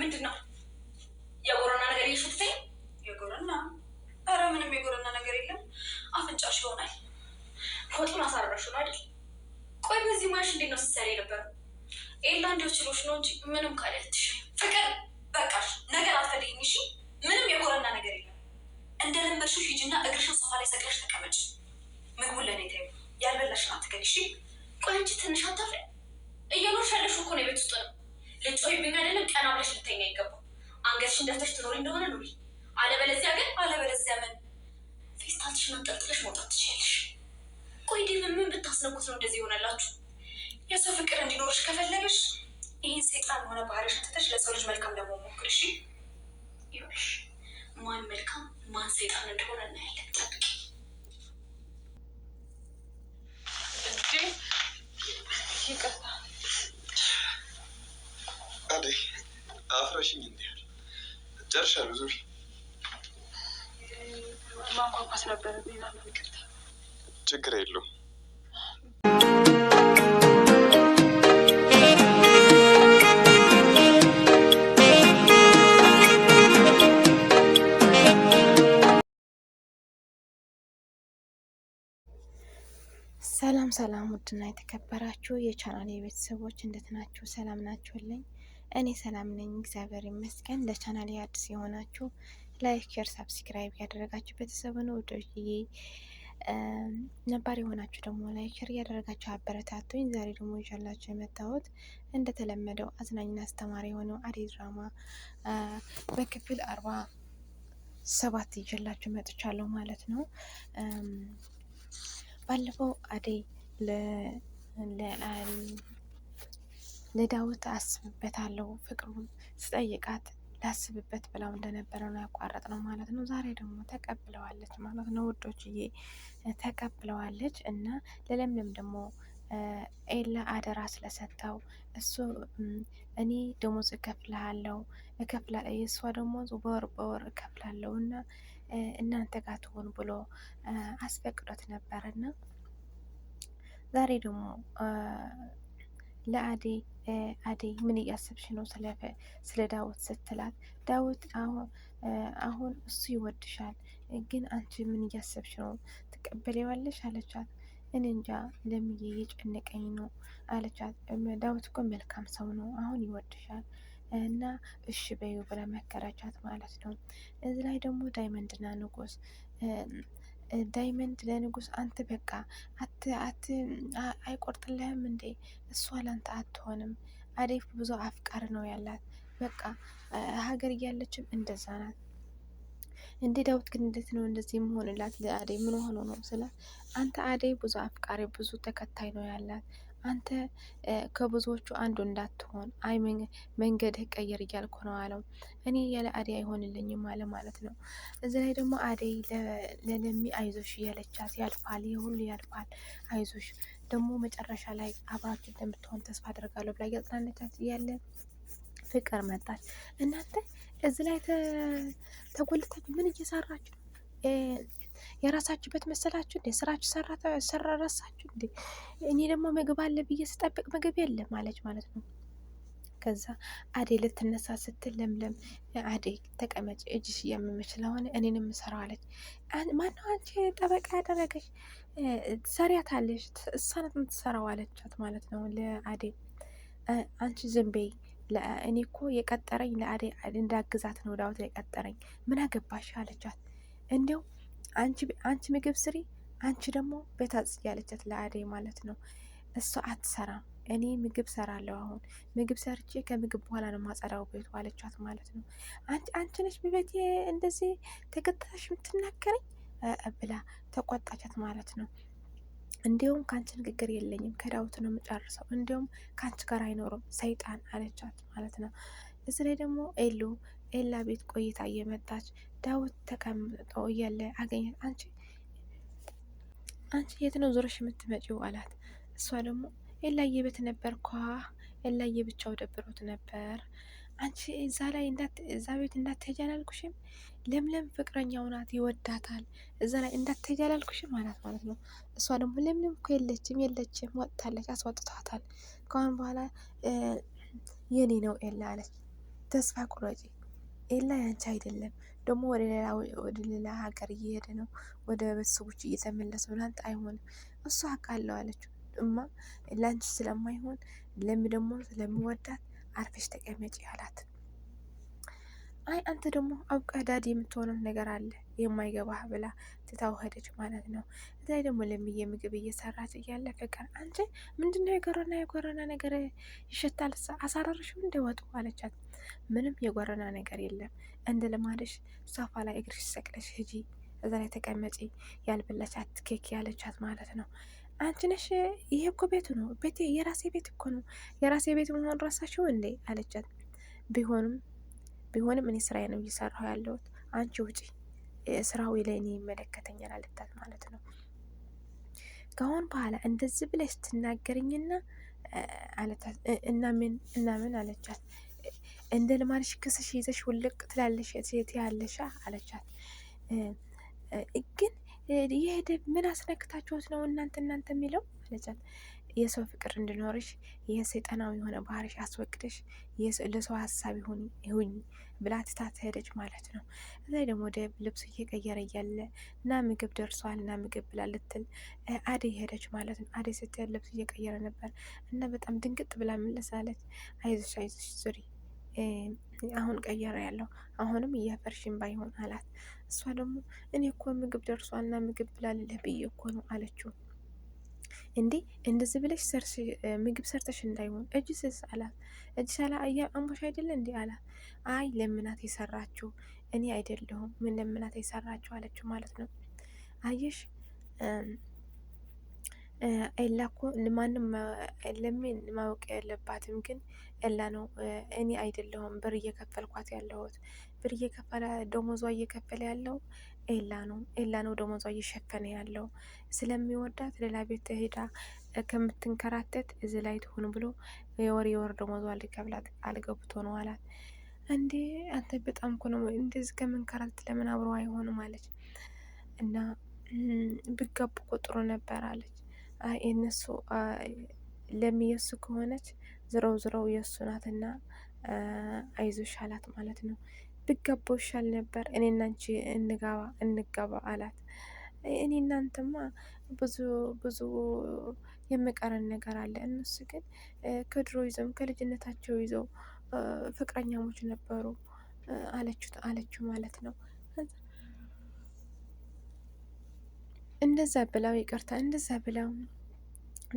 ምንድን ነው የጎረና ነገር እየሸተተኝ? የጎረና? ኧረ ምንም የጎረና ነገር የለም። አፍንጫሽ ይሆናል። ፎጡን አሳረሹ ነው አይደል? ቆይ በዚህ ማሽ እንዴት ነው ስትሰሪ ነበር? ኤላ ችሎች ነው እንጂ ምንም ካለትሽ ፍቅር በቃሽ። ነገር አልፈልግም። እሺ ምንም የጎረና ነገር የለም። እንደ ለመድሽው ሂጅና እግርሽን ሶፋ ላይ ሰቅለሽ ተቀመጭ። ምግቡን ለእኔ ተይው። ያልበላሽን አትገል። እሺ ቆይ እንጂ ትንሽ አታፍሪ? እየኖርሽ ያለሽው እኮ ነው የቤት ውስጥ ነው ልጮህብኝ አይደለም ቀና ብለሽ ልተኛ ይገባል። አንገትሽን ደፍተሽ ትኖሪ እንደሆነ ኑሪ፣ አለበለዚያ ግን አለበለዚያ ምን ፌስታልሽን አንጠልጥለሽ መውጣት ትችያለሽ። ቆይ ዴቭ፣ ምን ብታስነኩት ነው እንደዚህ ይሆነላችሁ? የሰው ፍቅር እንዲኖርሽ ከፈለገሽ ይህን ሴጣን የሆነ ባህሪ ትተሽ ለሰው ልጅ መልካም ደግሞ ይቻላል። ዙር ማንኳኳስ ችግር የለውም። ሰላም ሰላም፣ ውድና የተከበራችሁ የቻናል የቤተሰቦች እንዴት ናችሁ? ሰላም ናችሁልኝ? እኔ ሰላም ነኝ፣ እግዚአብሔር ይመስገን። ለቻናል አዲስ የሆናችሁ ላይክ፣ ሼር፣ ሳብስክራይብ ያደረጋችሁ ቤተሰብ ነው ወዶችዬ። ነባር የሆናችሁ ደግሞ ላይክ፣ ሼር ያደረጋችሁ አበረታቱኝ። ዛሬ ደግሞ ይዤላችሁ የመጣሁት እንደተለመደው አዝናኝና አስተማሪ የሆነው አደይ ድራማ በክፍል አርባ ሰባት ይዤላችሁ መጥቻለሁ ማለት ነው። ባለፈው አደይ ለዳዊት አስብበታለሁ ፍቅሩን ስጠይቃት ላስብበት ብላው እንደነበረ ነው ያቋረጥ ነው ማለት ነው። ዛሬ ደግሞ ተቀብለዋለች ማለት ነው ውዶችዬ፣ ተቀብለዋለች እና ለለምለም ደግሞ ኤላ አደራ ስለሰጠው እሱ እኔ ደሞዝ እከፍልሃለሁ እከፍላ የእሷ ደሞዝ በወር በወር እከፍላለሁ እና እናንተ ጋር ትሆን ብሎ አስፈቅዶት ነበርና ዛሬ ደግሞ ለአደይ አደይ ምን እያሰብሽ ነው ስለ ዳዊት ስትላት፣ ዳዊት አሁን እሱ ይወድሻል፣ ግን አንቺ ምን እያሰብሽ ነው ትቀበሌዋለሽ? አለቻት። እኔ እንጃ ለምዬ እየጨነቀኝ ነው አለቻት። ዳዊት እኮ መልካም ሰው ነው፣ አሁን ይወድሻል እና እሺ በይው ብላ መከራቻት ማለት ነው። እዚህ ላይ ደግሞ ዳይመንድና ንጉስ ዳይመንድ ለንጉስ አንተ በቃ አት አት አይቆርጥልህም እንዴ? እሷ ላንተ አትሆንም። አዴፍ ብዙ አፍቃሪ ነው ያላት። በቃ ሀገር እያለችም እንደዛ ናት። እንዴ ዳዊት ግን እንዴት ነው እንደዚህ የምሆንላት ለአደይ ምን ሆኖ ነው ስላት፣ አንተ አደይ ብዙ አፍቃሪ ብዙ ተከታይ ነው ያላት አንተ ከብዙዎቹ አንዱ እንዳትሆን አይ መንገድህ ቀየር እያልኩ ነው አለው። እኔ ያለ አደይ አይሆንልኝም አለ ማለት ነው። እዚህ ላይ ደግሞ አደይ ለለሚ አይዞሽ እያለቻት ያልፋል፣ የሁሉ ያልፋል፣ አይዞሽ ደግሞ መጨረሻ ላይ አብራችሁ እንደምትሆን ተስፋ አደርጋለሁ ብላ እያጽናነቻት እያለ ፍቅር መጣች። እናንተ እዚህ ላይ ተጎልታችሁ ምን እየሰራችሁ የራሳችሁ ቤት መሰላችሁ እንዴ? ስራችሁ ሰራ ረሳችሁ እንዴ? እኔ ደግሞ ምግብ አለ ብዬ ስጠብቅ ምግብ የለም ማለች ማለት ነው። ከዛ አዴ ልትነሳ ስትል ለምለም አዴ ተቀመጭ፣ እጅሽ እያመመች ስለሆነ እኔን እሰራው አለች። ማነው አንቺ ጠበቃ ያደረገሽ ሰሪያት አለሽ እሷ ናት የምትሰራው አለቻት ማለት ነው ለአዴ። አንቺ ዝም በይ እኔ እኮ የቀጠረኝ ለአደይ እንዳግዛት ነው ዳዊት የቀጠረኝ። ምን አገባሽ አለቻት። እንዲው አንቺ ምግብ ስሪ፣ አንቺ ደግሞ ቤት አጽጂ ያለቻት ለአደይ ማለት ነው። እሷ አትሰራም፣ እኔ ምግብ ሰራለሁ። አሁን ምግብ ሰርቼ ከምግብ በኋላ ነው ማጸዳው ቤቱ አለቻት ማለት ነው። አንቺ ነሽ ቤት እንደዚህ ተከታሽ የምትናገረኝ ብላ ተቆጣቻት ማለት ነው። እንዲሁም ከአንቺ ንግግር የለኝም ከዳውት ነው የምጨርሰው፣ እንዲሁም ከአንቺ ጋር አይኖሩም ሰይጣን አለቻት ማለት ነው። እዚ ላይ ደግሞ ኤሉ ኤላ ቤት ቆይታ እየመጣች ዳውት ተቀምጦ እያለ አገኘት። አንቺ አንቺ የት ነው ዞረሽ የምትመጪው አላት። እሷ ደግሞ ኤላዬ ቤት ነበር ኳ ኤላዬ ብቻው ደብሮት ነበር። አንቺ እዛ ላይ እዛ ቤት እንዳትሄጂ አላልኩሽም? ለምለም ፍቅረኛው ናት ይወዳታል። እዛ ላይ እንዳትሄጂ አላልኩሽም አላት ማለት ነው። እሷ ደግሞ ለምለም እኮ የለችም የለችም ወጥታለች፣ አስወጥቷታል። ከአሁን በኋላ የኔ ነው ኤላ አለች። ተስፋ ቁረጪ ኤላ ያንቺ አይደለም። ደግሞ ወደ ሌላ ወደ ሌላ ሀገር እየሄደ ነው፣ ወደ ቤተሰቦች እየተመለሰ ነው። ላንተ አይሆንም። እሱ አውቃለሁ አለችው። እማ ለአንቺ ስለማይሆን ለሚ ደግሞ ስለምወዳት አርፈሽ ተቀመጪ አላት። አይ አንተ ደግሞ አውቀ ዳድ የምትሆነው ነገር አለ የማይገባህ ብላ ትታው ሄደች ማለት ነው። እዛ ደግሞ ለምዬ ምግብ እየሰራች እያለ ፍቅር አንቺ ምንድነው የጎረና የጎረና ነገር ይሸታል አሳረርሽ እንደ ወጡ አለቻት። ምንም የጎረና ነገር የለም እንደ ልማደሽ ሶፋ ላይ እግርሽ ሰቅለሽ ሂጂ እዛ ላይ ተቀመጪ ያልበላቻት ኬክ ያለቻት ማለት ነው። አንቺ ነሽ ይሄ እኮ ቤቱ ነው ቤቴ የራሴ ቤት እኮ ነው የራሴ ቤት መሆን ረሳሽው እንዴ አለቻት ቢሆንም ቢሆንም እኔ ስራዬ ነው እየሰራሁ ያለሁት፣ አንቺ ውጪ፣ ስራው ላይ እኔ ይመለከተኛል አለታት ማለት ነው። ከአሁን በኋላ እንደዚህ ብለሽ ትናገርኝና አለታት። እና ምን እና ምን አለቻት። እንደ ልማድሽ ክስሽ ይዘሽ ውልቅ ትላለሽ ሴት ትያለሽ አለቻት። ግን ይሄ ምን አስነክታችሁት ነው እናንተ እናንተ የሚለው አለቻት። የሰው ፍቅር እንድኖርሽ ይህን ሰይጣናዊ የሆነ ባህሪሽ አስወግደሽ ለሰው ሀሳብ ይሁኝ ብላ ትታት ሄደች ማለት ነው። እዛ ደግሞ ደብ ልብሱ እየቀየረ እያለ እና ምግብ ደርሷል እና ምግብ ብላ ልትል አደይ ሄደች ማለት ነው። አደይ ስትሄድ ልብስ እየቀየረ ነበር እና በጣም ድንግጥ ብላ ምልስ አለች። አይዞሽ አይዞሽ ዙሪ አሁን ቀየረ ያለው አሁንም እያፈርሽን ባይሆን አላት። እሷ ደግሞ እኔ እኮ ምግብ ደርሷና ምግብ ብላልልህ ብዬ እኮ ነው አለችው። እንዴ እንደዚህ ብለሽ ምግብ ሰርተሽ እንዳይሆን እጅ ስስ አላት። እጅ ሳላ አንቦሽ አይደለ እንዴ አላት። አይ ለምናት የሰራችው እኔ አይደለሁም ምን ለምናት የሰራችው አለችው ማለት ነው። አየሽ ኤላ እኮ ማንም ለምን ማወቅ ያለባትም ግን ኤላ ነው። እኔ አይደለሁም ብር እየከፈልኳት ያለሁት ብር እየከፈለ ደሞዟ እየከፈለ ያለው ኤላ ነው። ኤላ ነው ደሞዟ እየሸፈነ ያለው ስለሚወዳት ሌላ ቤት ሄዳ ከምትንከራተት እዚ ላይ ትሆን ብሎ የወር የወር ደሞዟ ሊከፍላት አልገብቶ ነው አላት። እንዴ አንተ በጣም እኮ ነው እንደዚህ ከምንከራተት ለምን አብሮ አይሆንም አለች። እና ብጋቡ እኮ ጥሩ ነበር አለች። የነሱ ለሚየሱ ከሆነች ዝረው ዝረው የእሱ ናትና አይዞሽ አላት ማለት ነው። ብጋባው ይሻል ነበር፣ እኔ እናንቺ እንጋባ እንጋባ አላት። እኔ እናንተማ ብዙ ብዙ የምቀረን ነገር አለ። እነሱ ግን ከድሮ ይዘውም ከልጅነታቸው ይዘው ፍቅረኛሞች ነበሩ አለችው አለችው ማለት ነው። እንደዛ ብላው ይቅርታ፣ እንደዛ ብላው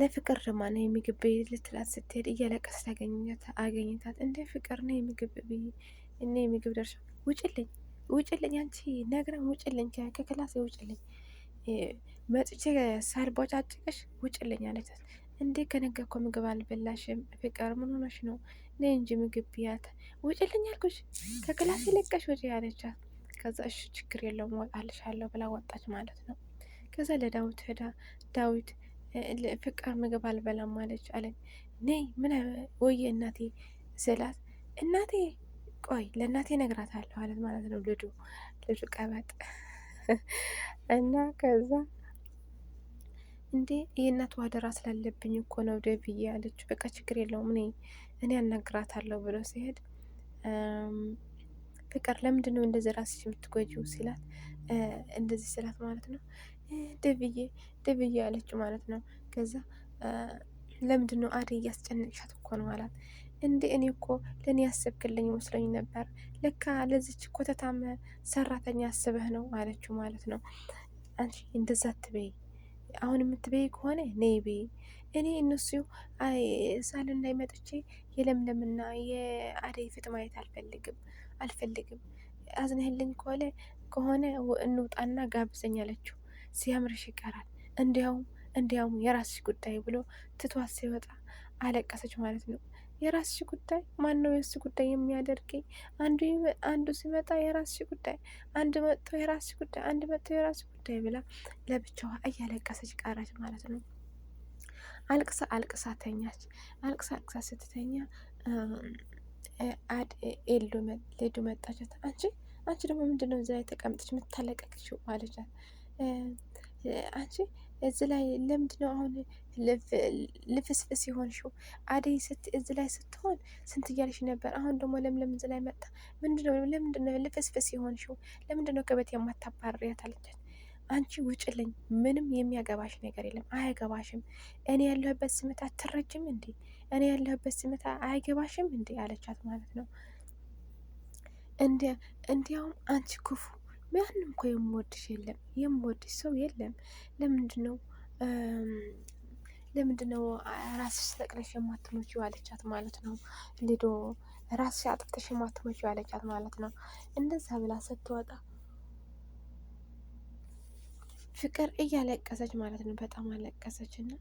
ለፍቅር ድማ ነው የምግብ ቤት ልትላት ስትሄድ እያለቀስ ታገኝኛት እንደ ፍቅር ነው የምግብ ቤት እኔ ምግብ ደርሻ ውጭልኝ፣ ውጭልኝ፣ አንቺ ነግረን ውጭልኝ፣ ከክላሴ ውጭልኝ፣ መጥቼ ሳልቦጫጭቅሽ ውጭልኝ አለቻት። እንዴ ከነገ እኮ ምግብ አልበላሽም ፍቅር፣ ምን ሆነሽ ነው? እኔ እንጂ ምግብ ብያት፣ ውጭልኝ አልኩሽ፣ ከክላሴ ለቀሽ ውጪ አለቻት። ከዛ እሺ ችግር የለውም ወጣልሻለሁ ብላ ወጣች ማለት ነው። ከዛ ለዳዊት ሄዳ ዳዊት ፍቅር ምግብ አልበላም አለች አለኝ። ነይ ምን ወይ እናቴ ስላት እናቴ ቆይ ለእናቴ እነግራታለሁ አለት ማለት ነው። ልጁ ልጁ ቀበጥ እና ከዛ እንዴ የእናት ዋደራ ስላለብኝ እኮ ነው ደብዬ ያለችው በቃ ችግር የለውም እኔ እኔ አናግራታለሁ ብሎ ሲሄድ ፍቅር ለምንድን ነው እንደዚህ ራስሽ የምትጎጂው ሲላት እንደዚህ ስላት ማለት ነው ደብዬ ደብዬ አለችው ማለት ነው። ከዛ ለምንድን ነው አደይ እያስጨነቅሻት እኮ ነው አላት። እንዴ እኔ እኮ ለእኔ ያሰብክልኝ መስሎኝ ነበር፣ ለካ ለዚች ኮተታም ሰራተኛ አስበህ ነው አለችው ማለት ነው። አንቺ እንደዛ ትበይ አሁን የምትበይ ከሆነ ነይ በይ። እኔ እነሱ ሳል እንዳይመጥቼ የለምለምና የአደይ ፊት ማየት አልፈልግም አልፈልግም። አዝነህልኝ ከሆነ ከሆነ እንውጣና ጋብዘኝ አለችው። ሲያምርሽ ይቀራል እንዲያውም እንዲያውም የራስሽ ጉዳይ ብሎ ትቷት ሲወጣ አለቀሰች ማለት ነው። የራስሽ ጉዳይ፣ ማን ነው የሱ ጉዳይ የሚያደርገኝ? አንዱ አንዱ ሲመጣ የራስሽ ጉዳይ፣ አንድ መጥቶ የራስሽ ጉዳይ፣ አንድ መጥቶ የራስሽ ጉዳይ ብላ ለብቻዋ እያለቀሰች ቀረች ማለት ነው። አልቅሳ አልቅሳ ተኛች። አልቅሳ አልቅሳ ስትተኛ አድ ኤሎ ሌዱ መጣቻት። አንቺ አንቺ ደግሞ ምንድነው እዚህ ላይ ተቀምጠች የምታለቀቅሽው? አለቻት አንቺ እዚህ ላይ ለምንድነው አሁን ልፍስፍስ የሆንሽው? አደይ እዚ ላይ ስትሆን ስንት እያልሽ ነበር? አሁን ደግሞ ለምለም እዚህ ላይ መጣ። ምንድነው ለምንድነው ልፍስፍስ የሆንሽው? ለምንድነው ከቤት የማታባርሪያት አለቻት። አንቺ ውጭልኝ፣ ምንም የሚያገባሽ ነገር የለም፣ አያገባሽም። እኔ ያለሁበት ስሜት አትረጅም እንዴ? እኔ ያለሁበት ስሜት አያገባሽም እንዴ? አለቻት ማለት ነው። እንዲያውም አንቺ ክፉ ያንን እኮ የምወድሽ የለም የምወድሽ ሰው የለም። ለምንድነው ለምንድነው ለምንድን ነው ራስሽ ተጠቅለሽ የማትሞቺው አለቻት ማለት ነው። ልዶ ራስሽ አጥቅተሽ የማትሞቺው አለቻት ማለት ነው። እንደዛ ብላ ስትወጣ ፍቅር እያለቀሰች ማለት ነው። በጣም አለቀሰች እና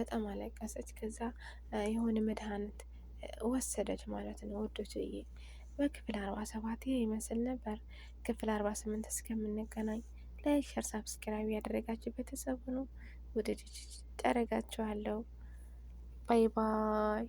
በጣም አለቀሰች። ከዛ የሆነ መድኃኒት ወሰደች ማለት ነው ወዶች በክፍል 47 ይመስል ነበር። ክፍል 48 እስከምንገናኝ ላይክ፣ ሸር፣ ሳብስክራይብ ያደረጋችሁ ቤተሰብ ሁኑ። ውድድር ጠረጋችኋለሁ። ባይ ባይ።